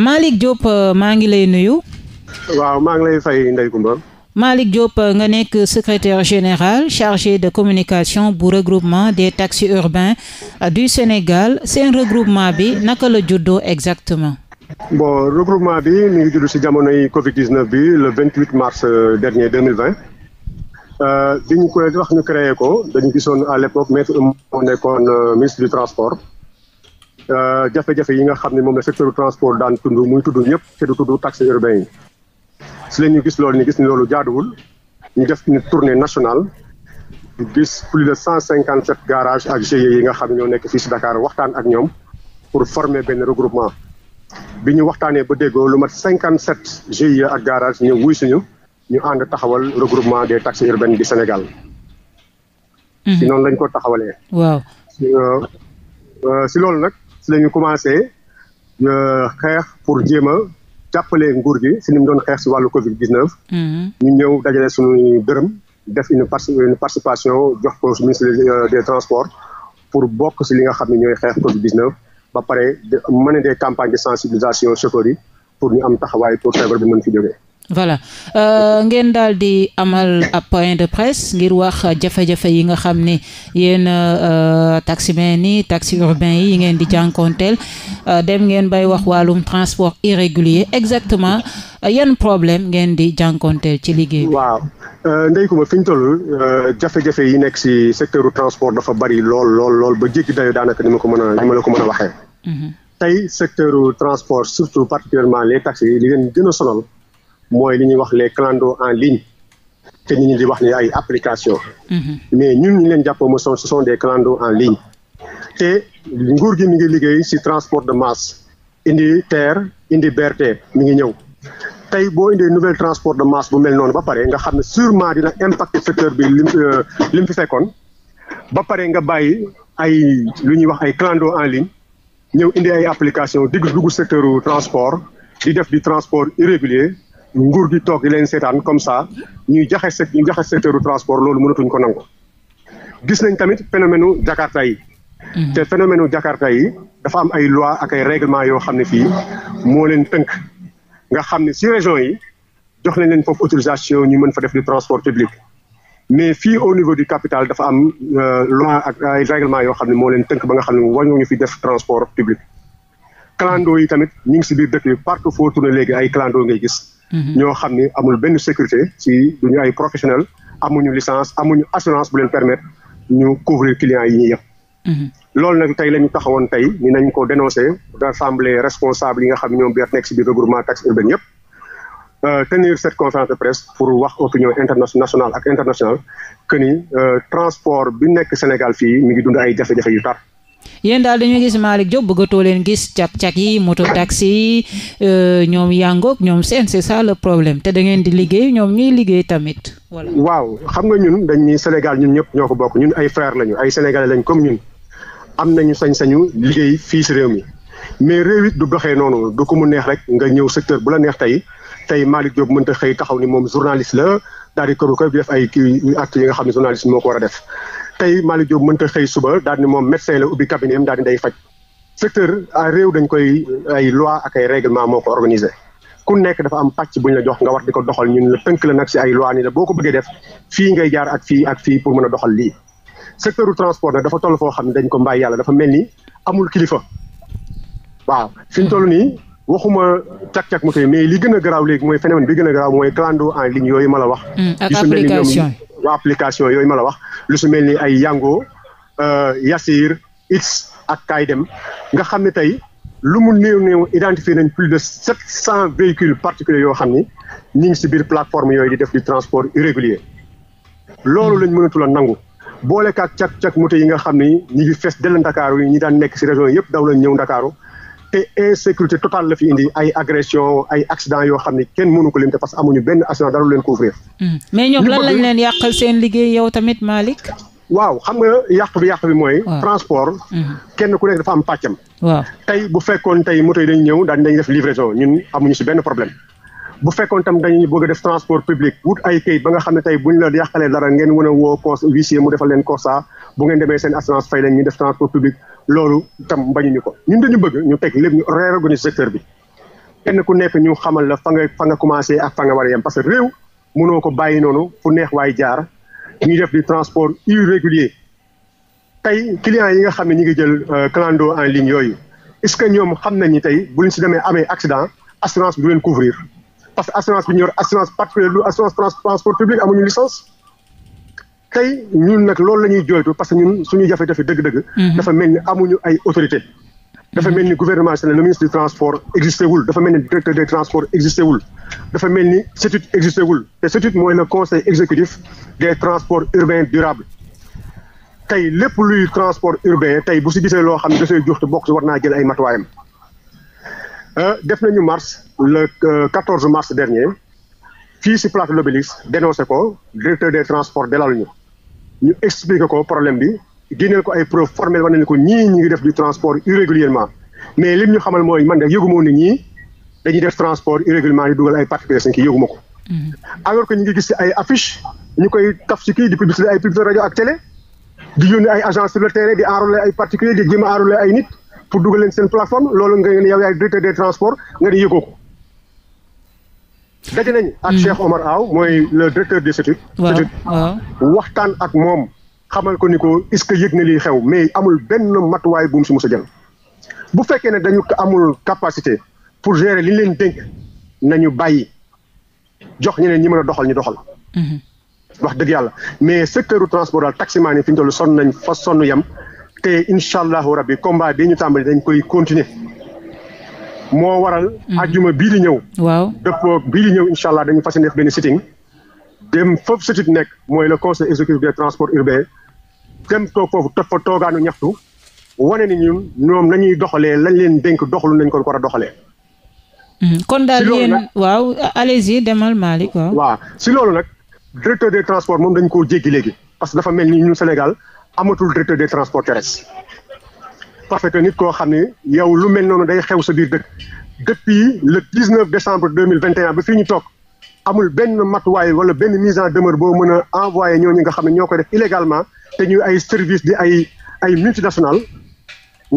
Malick Diop euh, maa ngi lay nuyu. waaw maa ngi lay fay Ndeye Comba. Malick euh, nga nekk secrétaire général chargé de communication bu regroupement des taxis urbains euh, du Sénégal seen regroupement bi naka la juddoo exactement. bon regroupement bi mi ngi judd ci jamonoy Covid 19 bi le 28 mars dernier 2020 bi ñu koy wax ñu créé ko dañu gisoon à l'époque maître moo nekkoon ministre du transport. Euh, jafe-jafe yi nga xam ne moom la secteur transport daan tund muy tudd ñëpp te du tudd taxi urbain yi si la ñu gis loolu ñu gis ni loolu jaaduwul ñu def une tournée nationale ñu gis plus de cent cinquante sept garages ak GIE yi nga xam ne ñoo nekk fii si Dakar waxtaan ak ñoom pour former benn regroupement bi ñu waxtaanee ba déggoo lu mat cinquante sept GIE ak garage ñu wuy suñu ñu ànd taxawal regroupement des taxis urbaines du Sénégal. Mhm. si noonu lañ ko taxawalee. waaw si euh, euh, loolu nag si la ñu euh, xeex pour jéem a jàppale nguur gi si ni mu doon xeex si wàllu Covid 19. Mm-hmm. ñu ñëw dajale suñuy dërëm def une une participation jox ko ministre des euh, transport pour bokk si li nga xam ne ñooy xeex Covid 19 ba pare mener des campagnes de sensibilisation chauffeurs yi pour ñu am taxawaay pour feebar bi mën fi jógee. voilà euh, ngeen daal di amal ab point de presse ngir wax jafe-jafe yi nga xam ne yéen euh, taximen yi taxi urbain yi ngeen di jànkonteel euh, dem ngeen bay wax wàllum transport irrégulier exactement yan problème ngeen di jànkonteel ci liggéey bi. waaw Ndeye Comba fi ñu toll jafe-jafe yi nekk si secteur transport dafa bari lool lool lool ba jéggi dayo daanaka ni ma ko mën a la ko mën a waxee. Mhm. tey secteur transport surtout particulièrement les taxis li leen gën a sonal. mooy li ñuy wax les clando en ligne te nit ñi di wax ne ay application mais ñun ñu leen jàpp mo son ce des clando en ligne te nguur gi mi ngi liggéey si transport de masse indi terre indi berte mi ngi ñëw tey boo indee nouvelle transport de masse bu mel noonu ba pare nga xam ne sûrement dina impacter secteur bi lim euh, li mu fi fekkoon ba pare nga bàyyi ay lu ñuy wax ay clando en ligne ñëw indi ay application digg dugg secteur transport di def du transport irrégulier nguur gi toog di leen seetaan comme ça ñuy jaxe ñu jaxe secteur transport loolu mënatuñ ko nangu gis nañ tamit phénomène u jakarta yi mhm. te phénomène u jakarta yi dafa am ay loi ak ay règlement yoo xam ne fii moo leen tënk nga xam ne si région yi jox nañ leen foofu autorisation ñu mën fa def du transport public mais fii au niveau du capital dafa am euh, loi ak ay règlement yoo xam ne moo leen tënk ba nga xam ne wañu ñu fi def transport public clando yi tamit ñu ngi si biir dëkk yi partout foo tourné léegi ay clando ngay gis Mm-hmm. ñoo xam ni amul benn sécurité ci du ay professionnel amuñu licence amuñu assurance bu leen permettre ñu couvrir clients yi ñuy yëpp mm-hmm. loolu nag tey lañu taxawoon tey ni nañ ko dénoncer d'assemblée responsable yi nga xam ne ñoom biir nekk ci biir regroupement taxe urbaine yëpp euh, tenir cette conférence de presse pour wax opinion internationale ak internationale que ni euh, transport bi nekk Sénégal fii mi ngi dund ay jafe-jafe yu tar yéen daal dañuy gis Malick Diop bëggatoo leen gis cak-cak yi moto taxi yi euh, ñoom yangoog ñoom seen c'est ça le problème te da ngeen di liggéey ñoom ñuy liggéey tamit voilà waaw xam nga ñun dañuy Sénégal ñun ñëpp ñoo ko bokk ñun ay frères lañu ay sénégalais lañ comme ñun am nañu sañ-sañu liggéey fii si réew mi mais réew it du doxee noonu du ko mu neex rek nga ñëw secteur bu la neex tey tey Malick Diop mënta xëy taxaw ni moom journaliste la daal di këru ko bi def ay actes yi nga xam ne journaliste moo ko war a def tey Malick Diop mënta xëy suba daal ni moom médecin la ubbi cabinet am daal di day faj secteur a réew dañ koy ay loi ak ay règlement moo ko organisé ku nekk dafa am pàcc bu ñu la jox nga war di ko doxal ñun la tënk la nag si ay loi ni la boo ko bëggee def fii ngay jaar ak fii ak fii pour mën a doxal lii secteur du transport nag dafa toll foo xam ne dañ ko mbaay yàlla dafa mel ni amul kilifa waaw fi ñu toll nii waxuma càq-càq mu tey mais li gën a garaaw mooy phénomène bi gën a mooy clando en ligne yooyu hmm, yi su mel ni ñoom yooyu ma wax. lu si mel ni ay Yango euh, Yassir X ak Kaay Dem nga xam ne tey lu mu néew néew identifié nañ plus de sept cent véhicules particuliers yoo xam ni ñu ngi si biir plateforme yooyu di def du transport irrégulier loolu lañ mënatul a nangu boolekaak cak cak moto yi nga xam ni ñu ngi fees dell Ndakaaru yi ñi daan nekk ci région yëpp daw lañ ñëw Ndakaaru te insécurité totale la fi indi ay agression ay accident yoo xam ne kenn mënu ko lim te parce que amuñu benn assurance dara lu leen couvrir. Hmm. mais ñoom lan lañ leen yàqal seen liggéey yow tamit Malick. waaw xam nga yàq bi yàq bi mooy. transport. Hmm. kenn ku nekk dafa am pàccam. waaw tey bu fekkoon tey moto yi dañ ñëw daal dañuy def livraison ñun amuñu si benn problème. bu fekkoon tam dañuy bëgg a def transport public wut ay kayit ba nga xam ne tey bu ñu la yàqalee dara ngeen a woo cons huissier leen constat bu ngeen demee seen assurance fay def transport loolu itam bañuñu ko ñun dañu bëgg ñu teg lépp ñu réorganiser secteur bi kenn ku nekk ñu xamal la fa nga fa nga commencé ak fa nga war a parce que réew mënoo ko bàyyi noonu fu neex waay jaar ñuy def du transport irrégulier tey clients yi nga xam ne ñu ngi jël euh, clando en ligne yooyu est-ce que ñoom xam nañ ni tey bu ñu si demee amee accident assurance bi du leen couvrir parce que assurance bi ñu yor assurance particulière lu assurance transport public amuñu licence tey ñun nag loolu la ñuy jooytu parce que ñun suñu jafee jafe dëgg-dëgg. Mhm. dafa mel ni amuñu ay autorité dafa mhm. mel ni gouvernement Sénégal le ministre du transport existé wul dafa mel ni directeur des transports existé wul. dafa mel ni CETUD existé wul te CETUD mooy le conseil exécutif des transports urbains durables tey lépp luy transport urbain tey bu si gisee loo xam ne dafay te bokk si war naa jël ay matuwaayam. Euh, def nañu mars la euh, 14 mars dernier fii si place de ko directeur des transports delaluñu ñu expliquer ko problème bi génneel ko ay preuve formelle wane ne ko ñii ñi ngi def du transport irrégulièrement mais lim ñu xamal mooy man de yëguma woon ne ñii dañuy def transport irrégulièrement di dugal ay particuliers seen kii yëguma ko. Mhm. alors que ñu ngi gis ay affiche ñu koy taf ci kii di publicité ay publicité rajo ak télé di yónni ay agence sur le terrain di enrôler ay particuliers di jéem a ay nit pour dugal leen seen plateforme loolu nga ne yow ko daje nañ ak hmm. Cheikh Omar Aw mooy le directeur des études. études waxtaan ak moom xamal ko ni ko est-ce que yëg na lii xew mais amul benn matuwaay bu mu si mos a bu fekkee ne dañu amul capacité pour gérer li leen dénk nañu bàyyi jox ñeneen ñi mën a doxal ñu doxal. Hmm. wax dëgg yàlla mais secteur transport daal taximaan yi fi ñu toll sonn nañ fa sonn yam te incha allahu rabbi combat bi ñu tàmbali dañ koy continuer. moo waral. Mhm. ajjuma bii di ñëw. waaw bii ñëw incha allah dañu fas yéene def benn sitting. dem foofu sitit nekk mooy le conseil exécutif des transports urbains dem toog foofu topp toogaanu ñaxtu wane ni moom ñoom nañuy doxalee lañ leen dénk doxul nañ ko war a doxalee. Mhm. kon daal yéen waaw allez-y demal Malick waaw. waaw si loolu nag directeur de transports moom dañ koo jéggi léegi parce que dafa mel ni ñun Sénégal amatul directeur de transports terrestres. parce que nit koo xam ne yow lu mel noonu day xew sa biir dëkk depuis le 19 décembre ba fii ñu toog amul benn matuwaay wala benn mise en demeure boo mën a envoyé ñooñu nga xam ne ñoo ko def illégalement te ñuy ay service di ay ay multinationales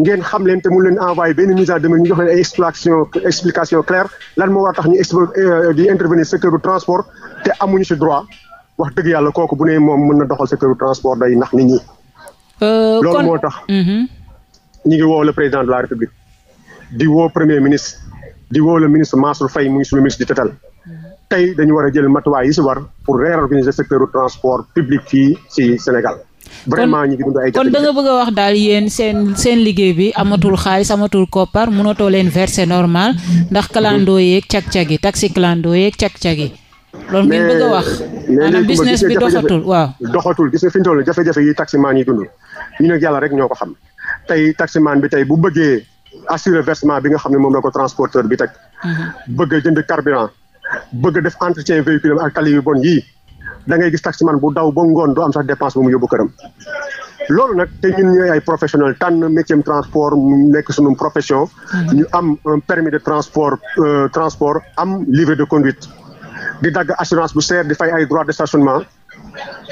ngeen xam leen te mu leen envoyé benn mise en ñu jox leen ay explication claire lan moo war tax ñu euh, di intervenir secteur du transport te amuñu ci droit wax dëgg yàlla kooku bu ne moom mën na doxal secteur du transport day nax nit ñi. Euh, ñu ngi woo le président de la république di woo premier ministre di woo le ministre Mansour Faye mu ngi suñu ministre di tetal tey dañu war a jël matuwaay yi si war pour réorganiser secteur transport public fii si Sénégal. vraiment ñu ngi dund ay kon da nga bëgg a wax daal yéen seen seen liggéey bi amatul xaalis amatul koppar mënatoo leen verser normal ndax clando cag-cag yi taxi clando yeeg cag-cag yi. loolu ngeen bëgg a wax maanaam business bi doxatul waaw. doxatul gis nga fi ñu toll jafe-jafe yi taximan yi dund ñu ne tey taximaan bi tey bu bëggee assurer versement bi nga xam ne moom la ko transporteur bi teg. Mhm. bëgg a jënd carburant bëgg def entretien véhicule ak tali yu bon yii da ngay gis taximaan bu daw ba ngoon du am sax dépense bu mu yóbbu këram. loolu nag te ñun ñooy ay professionnel tànn métier transport mu nekk suñu profession. Mhm. ñu am un permis de euh, transport am livret de conduite di dagg assurance bu seer di fay ay droits de stationnement.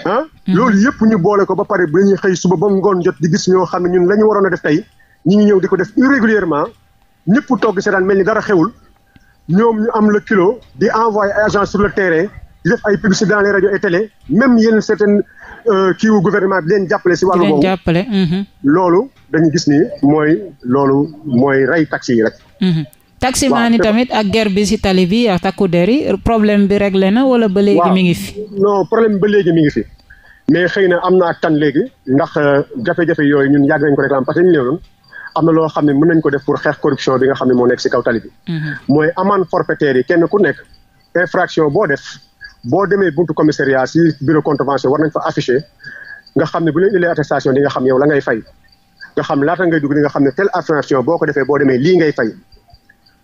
ah loolu yëpp ñu boole ko ba pare bu ñuy xëy suba ba ngoon jot di gis ñoo xam ne ñun la ñu waroon a def tey ñu ngi ñëw di ko def irrégulièrement ñëpp togg seetaan mel ni dara xewul ñoom ñu am le kilo di envoyé ay agents sur le terrain di def ay publicité dans les rajo et télé même yenn certaines euh, kii wu gouvernement bi leen jàppale si wàllu boobu mhm. loolu dañu gis ni mooy loolu mooy rey taxi yi rek mhm. taximaan yi tamit ak ger bi si tali bi a takku der yi problème bi réglé na wala ba léegi mi ngi fi non problème ba léegi mi ngi fi mais xëy na am na ak tan léegi ndax euh, jafe-jafe yooyu ñun yàgg nañ ko réclame parce que loo xam ne mën nañ ko def pour xeex corruption bi nga xam ne moo nekk si kaw tali bi mhm. mooy amende forfaitaire yi kenn ku nekk infraction boo def boo demee buntu commissariat si bureau contravention war nañ fa affiché nga xam ne bu leen indee attestation di nga xam yow la ngay fay nga xam laata ngay dugg di nga xam ne telle infraction boo ko defee boo demee lii ngay fay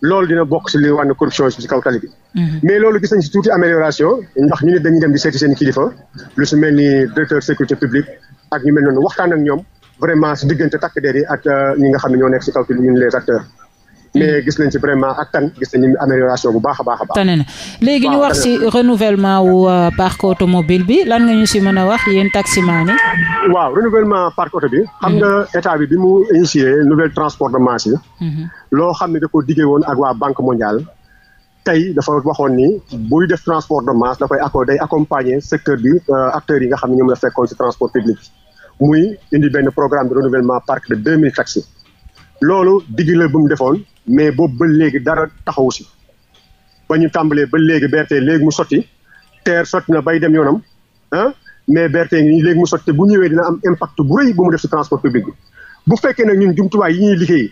loolu dina bokk si li wàllu corruption si kaw tali bi. Mhm. mais loolu gis nañ si tuuti amélioration ndax ñu ne dañuy dem di seeti seen kilifa lu si mel ni directeur sécurité publique ak ñu mel noonu waxtaan ak ñoom vraiment si diggante takk der yi ak euh, ñi nga xam ne ñoo nekk si kaw tali ñun les mais gis nañ ci vraiment ak tan gis nañu amélioration bu baax a baax a baax. tane na léegi ñu wax ci renouvellement wu euh, parc automobile bi lan nga ñu ci mën a wax yéen taximan yi. waaw renouvellement parc auto bi. xam na mhm. état bi bi mu initié nouvelle transport de masse yi. Mhm. loo xam ne da ko diggee woon ak waa banque mondiale. tey dafa waxoon ni buy def transport de masse da koy acco day accompagner secteur bi euh, acteurs yi nga xam ne ñoom la fekkoon ci transport public muy indi benn programme de renouvellement parc de deux mille taxis loolu digg la bu mu defoon mais boobu ba léegi dara taxawu si ba ñu tàmbalee ba léegi BRT léegi mu sotti TER sotti na bay dem yoonam ah mais BRT ngi léegi mu sotti bu ñëwee dina am impact bu rëy bu mu def si transport public bi bu fekkee nag ñun jumtuwaay yi ñuy liggéey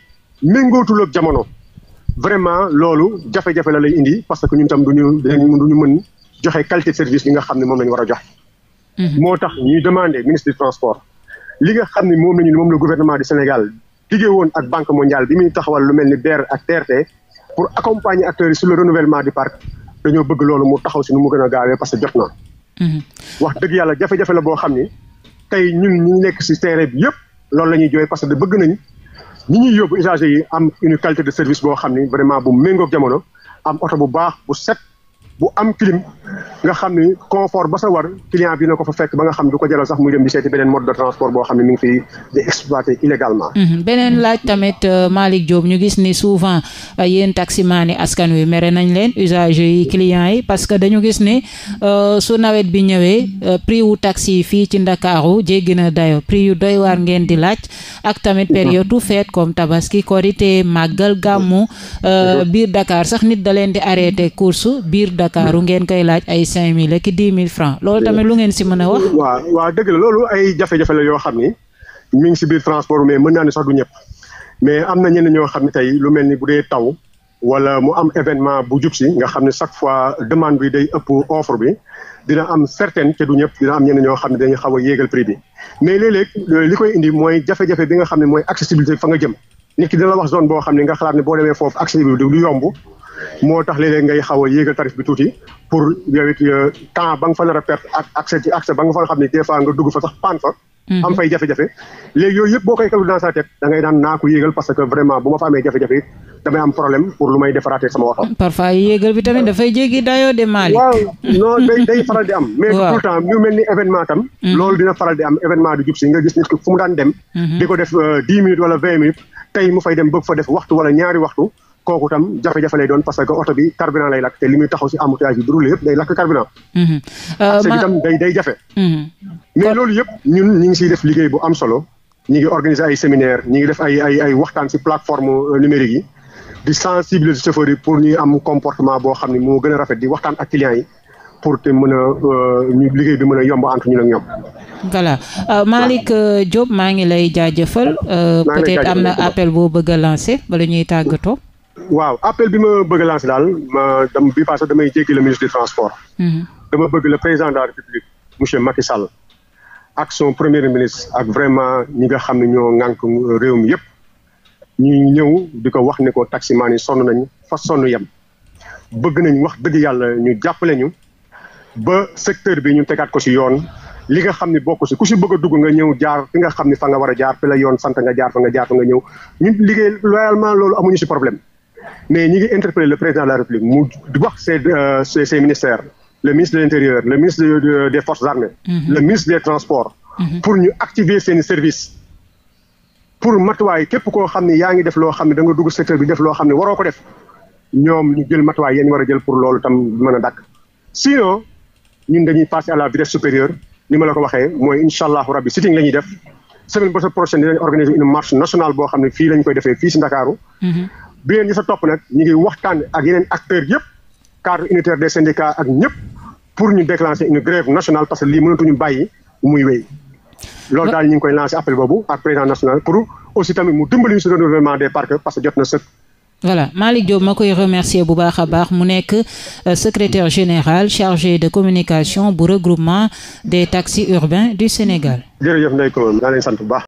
méngootul ak jamono vraiment loolu jafe-jafe la lay indi parce que ñun tam duñu dinañ duñu mën joxe qualité service bi nga xam ne moom la ñu war a joxe. Mhm. moo tax ñuy demander ministre du transport li nga xam ni moom la ñu moom la gouvernement du Sénégal liggéey woon ak banque mondiale bi muy taxawal lu mel ni DER ak TRT pour accompagner acteurs yi sur le renouvellement du parc dañoo bëgg loolu mu taxaw si nu mu gën a gaawee parce que jot na. Mhm. wax dëgg yàlla jafe-jafe la boo xam ni tey ñun ñu nekk si terrain bi yëpp loolu la ñuy jooy parce que bëgg nañ ñu ñuy yóbbu usagers yi am une qualité de service boo xam ni vraiment bu méngoog jamono am oto bu baax bu set. bu am clim nga xam ni confort ba sa war client bi na ko fa fekk ba nga xam ne du ko jaral sax muy dem di seeti beneen mode de transport boo xam ne mi ngi fiy di exploité illégalement. Mhm. beneen laaj tamit euh, Malick Diop ñu gis ni souvent euh, yéen taximaani askan wi mere nañ leen usagers yi clients yi parce que dañu gis ni euh, su nawet bi ñëwee prix wu taxi fii ci Ndakaaru jéggi na dayo prix yu doy waar ngeen di laaj ak tamit période u fête comme tabaski korité màggal da leen di arrêté course biir Ndakaaru ngeen koy laaj ay cinq mille ak dix mille francs loolu tamit lu ngeen si mën a wax waaw dëgg la loolu ay jafe-jafe la yoo xam ni mi ngi si biir transport mais mën naa ne sax ñëpp mais am na ñenn ñoo xam ne tey lu mel ni bu dee taw wala mu am événement bu jub si nga xam ne chaque fois demande bi day ëpp offre bi dina am certaine te du ñëpp dina am ñenn ñoo xam ne dañuy xaw a yéegal prix bi mais léeg-léeg euh, li koy indi mooy jafe-jafe bi nga xam ne mooy accessibilité fa nga jëm nit ki dina la wax zone xam ne nga xalaat ne boo demee foofu accès bi du moo tax léeg-léeg ngay xaw a yéegal tarif bi tuuti pour yow it euh, temps ba fa nar a perte ak accès ci accès ba nga fa xam ne des fois nga dugg fa sax paan fa. Mhm. am fay jafe-jafe. léegi yooyu yëpp boo koy calculé dans sa tête naan naa yéegal parce que vraiment bu ma fa amee jafe-jafe it dafay jéggi dayoo de Malick. waaw day faral di am. mais tout temps ñu mel ni événement tam. Mhm. loolu dina faral di am événement du jub nga gis ki fu daan dem. Mhm. di ko def euh, dix minutes wala vingt minutes tey mu fay dem bëgg fa kooku tam jafe-jafe lay doon parce que oto bi carburant lay lakk te li muy taxaw si day lakk carburant. Mhm. Euh, mhm. loolu yëpp ñun ñu ngi siy def liggéey bu am solo ñu ngi organiser ay séminaire ñu ngi def ay ay ay waxtaan si plateforme euh, numérique yi di sensibiliser chauffeur yi pour ñu am comportement boo xam ne moo gën a rafet di waxtaan ak clients yi. pour te mën a euh, ñu liggéey bi mën a yomb ñu ñun ak ñoom. voilà Malick Diop maa ngi lay jaajëfal. peut-être am na appel boo bëgg a lancer bala ñuy tàggatoo. waaw appel bi ma bëgg a daal ma dam bi passé damay jéggi le ministre du transport. Mhm. dama bëgg le président de la république monsieur Macky Sall ak son premier ministre ak vraiment ñi nga xam ne ñoo ŋànk réew mi yëpp ñu ñëw di ko wax ni ko taximaan yi sonn nañu fa sonn yem bëgg nañ wax dëgg yàlla ñu jàppale ñu ba secteur bi ñu tegaat ko si yoon li nga xam ne bokk ci ku si bëgg dugg nga ñëw jaar fi nga xam ne fa nga war a jaar fi la yoon sant nga jaar nga jaar nga ñëw ñun loolu amuñu ci problème mais ñi ngi interpellé le président de la république mu wax ses euh, ses ses ministre de l'intérieur le ministre de, de, des forces armées mmh. ministre des transports mhm. pour ñu activer seen service pour matuwaay képp koo xam ne yaa ngi def loo xam ne danga dugg secteur bi def loo xam ne waroo ko def ñoom ñu jël matuwaay yéen war a jël pour loolu tam mën a dàkk sinon ñun dañuy passer à la vitesse supérieure ni ma la ko waxee mooy incha allahu rabbi sitting la ñuy def semaine ba sa prochaine dinañ organiser une boo xam ne fii lañ koy defee fii si Ndakaaru mhm. bi leen ñu sa topp nag ñu ngi waxtaan ak yeneen acteurs yëpp cadre unitaire des syndicats ak ñëpp pour ñu déclencher une grève nationale parce que lii ñu bàyyi muy wéy loolu daal ñu ngi koy lancé appel boobu ak président national pour aussi tamit mu dimbali ñu si renouvellement des parcs parce que jot na sëkk. voilà Malick Diop ma koy remercier bu baax a baax mu nekk euh, secrétaire général chargé de communication bu regroupement des taxis urbains du Sénégal. jërëjëf Ndeye Comba maa ngi leen bu baax.